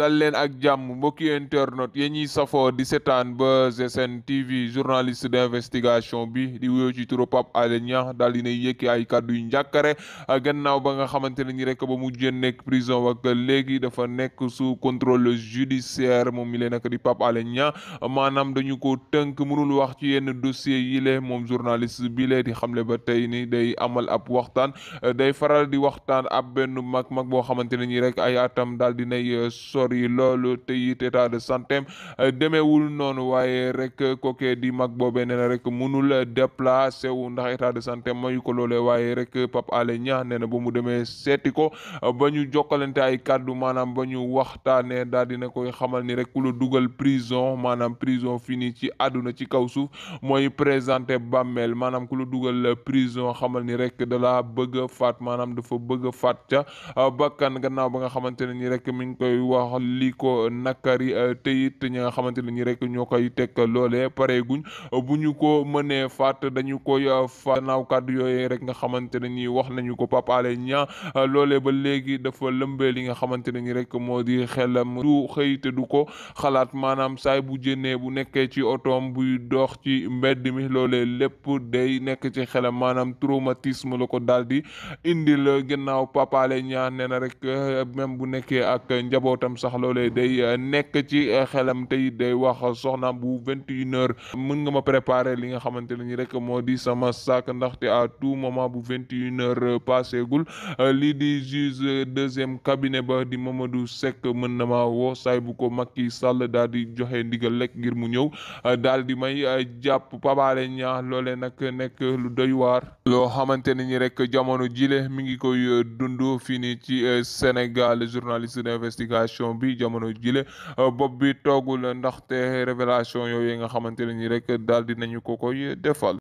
dal leen ak jàmm mbokki internet yi ñuy safoo di setaan ba GSN TV journaliste d'investigation bi di wuyoo ci turu Pape Alé Niang daal dina ay kàddu yu njàkkare gannaaw ba nga xamante ne ñi rek ba mu jën nekk prison wak léegi dafa nekk sous contrôle judiciaire moom mi leen nak di Pape Alé Niang maanaam dañu ko tënk mënul wax ci yenn dossier yi le moom journaliste bi lee di xamle ba tey nii day amal ab waxtaan day faral di waxtaan ab benn mag mag boo xamante ne ñi rek ay atam daal dinay eh, sot feebar loolu te it état de santé demeewul noonu waaye rek kookee di mag boobee nee na rek munul déplacé wu ndax état de santé mayu ko loole waaye rek Pape ale ñaax nee na ba mu demee seeti ko ba ñu jokkalante ay kàddu maanaam ba ñu waxtaanee daal dina koy xamal ni rek ku la dugal prison maanaam prison fini ci àdduna ci kaw suuf mooy présenté bàmmeel maanaam ku la dugal prison xamal ni rek da la bëgg faat maanaam dafa bëgg faat ca bakkan gannaaw ba nga ne ni rek mi ngi li ko nakari euh, teyit ñi nga xamante ne ñi rek ñoo koy teg loolee pare guñ bu ñu ko mënee faat dañu koy euh, faat naaw kàddu yooyee rek nga xamante ne ñi wax nañu ko Pape Alé Niang euh, ba léegi dafa lëmbee li nga xamante ne ñi rek moo di xelam du xëy du ko xalaat maanaam saay bu jënee bu nekkee ci otoom buy dox ci mbedd mi loole lépp day nekk ci xelam maanaam traumatisme la ko daal di indi la gannaaw Pape Alé Niang rek même bu nekkee ak njabootam sax sax day euh, nekk ci euh, xelam tey day wax soxna bu vingt et une heures mën nga ma préparer li nga xamante ne ni rek moo di sama sac ndaxte à tout moment bu vingt et une heures euh, passégul lii di juge deuxième cabinet ba di Mamadou Seck mën na ma woo saay bu ko Macky Sall daal di joxe ndigal lekk ngir mu ñëw daal di may jàpp pabaale ñaa loole nag nekk lu doy loo xamante ne ni rek jamono jile mi ngi koy dund fii nii ci Sénégal journaliste d'investigation bi jamono jile euh, bopp bi toogul ndaxte révélation yooyu nga xamante ne nii rek daal di nañu ko koy